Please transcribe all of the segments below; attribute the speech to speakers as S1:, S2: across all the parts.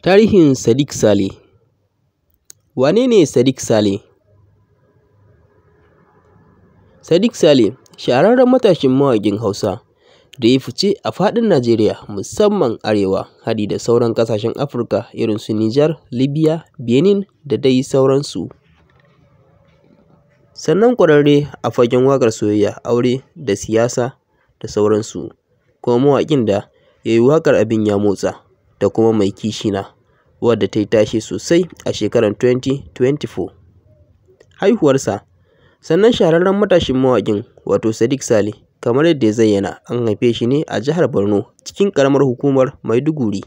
S1: Tarihin Sadiq Saleh Wane ne Sadiq Saleh? Sadiq Saleh shahararren matashin mawaƙin Hausa da ya fice a faɗin Najeriya musamman Arewa hadi da sauran ƙasashen Afirka irin su Nijar, Libya, Benin da dai sauransu. Sannan ƙwararre a fagen waƙar soyayya, aure da siyasa da sauransu, kuma mawaƙin da ya yi waƙar abin ya motsa. da kuma Mai Kishina wadda ta yi tashe sosai a shekarar 2024. Haihuwarsa Sannan shahararren matashin mawaƙin wato Sadiq Saleh kamar yadda ya zayyana an haife shi ne a jihar Borno cikin ƙaramar hukumar Maiduguri.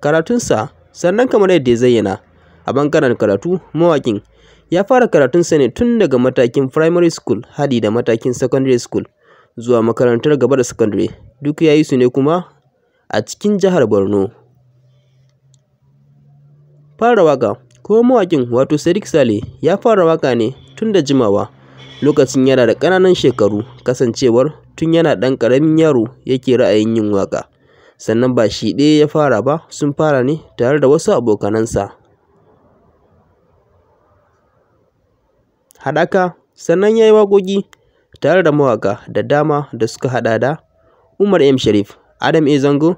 S1: Karatunsa Sannan kamar yadda ya zayyana a bangaren karatu mawaƙin ya fara karatunsa ne tun daga matakin firamare school hadi da matakin secondary school zuwa makarantar gaba da sakandare duk ya yi su ne kuma a cikin jihar Borno. Fara waƙa Kuma mawaƙin wato Sadiq Saleh ya fara waƙa ne tun da jimawa lokacin yana da ƙananan shekaru kasancewar tun yana ɗan ƙaramin yaro yake ra'ayin yin waƙa. Sannan ba shi ɗaya ya fara ba sun fara ne tare da wasu abokanansa. Haɗaka sannan ya yi waƙoƙi tare da mawaƙa da dama da suka haɗa da Umar M. Sharif, Adam A. Zango,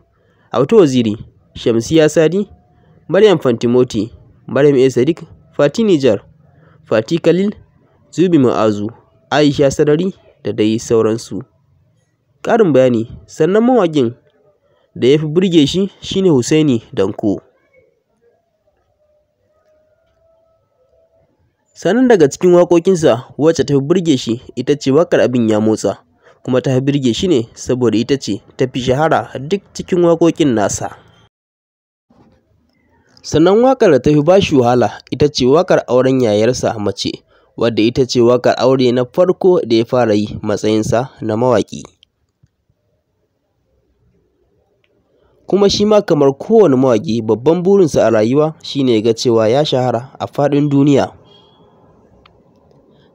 S1: Auto Waziri, Shamsiya Sadi, Maryam Fantimoti, Maryam A. Sadiq, Fati Nijar, Fati Kalil, Zubi Ma'azu, Aisha Sarari da dai sauransu. Ƙarin bayani sannan mawaƙin da ya fi burge shi shine Hussaini Danko. Sannan daga cikin waƙoƙinsa wacce ta fi burge shi ita ce waƙar abin ya motsa. kuma ta birge shi ne saboda ita ce ta fi shahara duk cikin waƙoƙin nasa. Sannan waƙar da ta fi ba shi wahala ita ce waƙar auren yayarsa mace, wadda ita ce waƙar aure na farko da ya fara yi matsayinsa na mawaƙi. Kuma shi ma kamar kowane mawaƙi babban burinsa a rayuwa shine ga cewa ya shahara a faɗin duniya.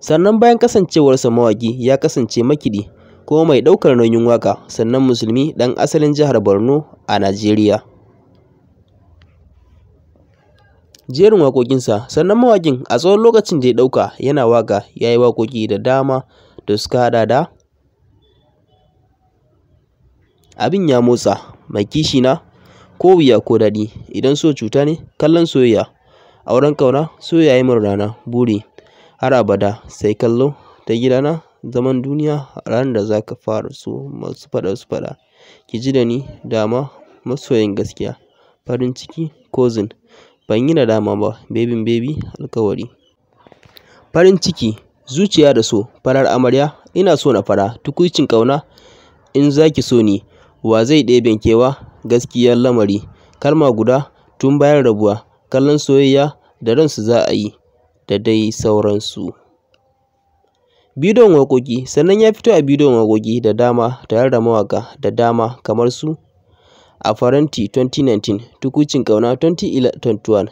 S1: sannan bayan kasancewarsa mawaƙi ya kasance makiɗi kuma mai ɗaukar nauyin waƙa sannan musulmi ɗan asalin jihar Borno a Najeriya. Jerin waƙoƙinsa sannan mawaƙin a tsawon lokacin da ya ɗauka yana waƙa ya yi waƙoƙi da dama da suka haɗa da Abin ya motsa, mai kishi na, ko wuya ko daɗi, idan so cuta ne, kallon soyayya, auren ƙauna, so yi mun rana buri, har abada, sai kallo, ta gidana. zaman duniya a ranar da za ka fara so masu faɗa su faɗa. Ki ji da ni dama masoyin gaskiya, farin ciki cousin. Ban yi nadama ba bebin baby alƙawari. Farin ciki, zuciya da so, farar amarya. Ina so na fara tukuicin ƙauna. In za ki so ni, wa zai ɗebe kewa? Gaskiyar lamari, kalma guda tun bayan rabuwa, kallon soyayya da ransu za a yi da dai sauransu. bidiyon waƙoƙi sannan ya fito a bidiyon waƙoƙi da dama tare da mawaƙa da dama kamar su a faranti (2019), Tukucin Ƙauna (2021)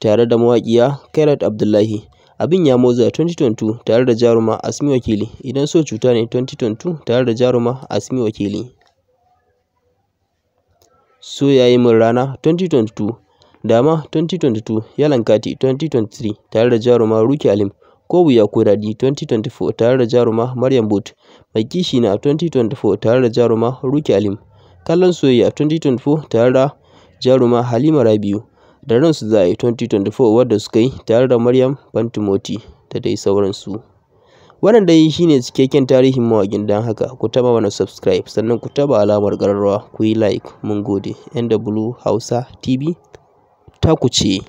S1: tare da mawaƙiya Kairat Abdullahi, Abin Ya Motsa (2022) tare da jaruma Asmi Wakili, Idan So Cuta Ne (2022) tare da jaruma Asmi Wakili, So Ya Yi Min Rana (2022), Dama (2022), lankati (2023) tare da jaruma Ruki Alim. Ko wuya ko daɗi (2024) tare da jaruma Maryam Boat, Mai Kishi na (2024) tare da jaruma Rukky Alim, Kallon Soyayya (2024) tare da jaruma Halima Rabiu, Da Ransu Za a Yi (2024) wadda suka yi tare da Maryam bantimoti da dai sauransu. Wannan dai shi ne cikakken tarihin mawaƙin don haka ku taɓa mana subscribe sannan ku taɓa alamar ƙararrawa ku yi like. Mun gode! NW Hausa TV, taku ce!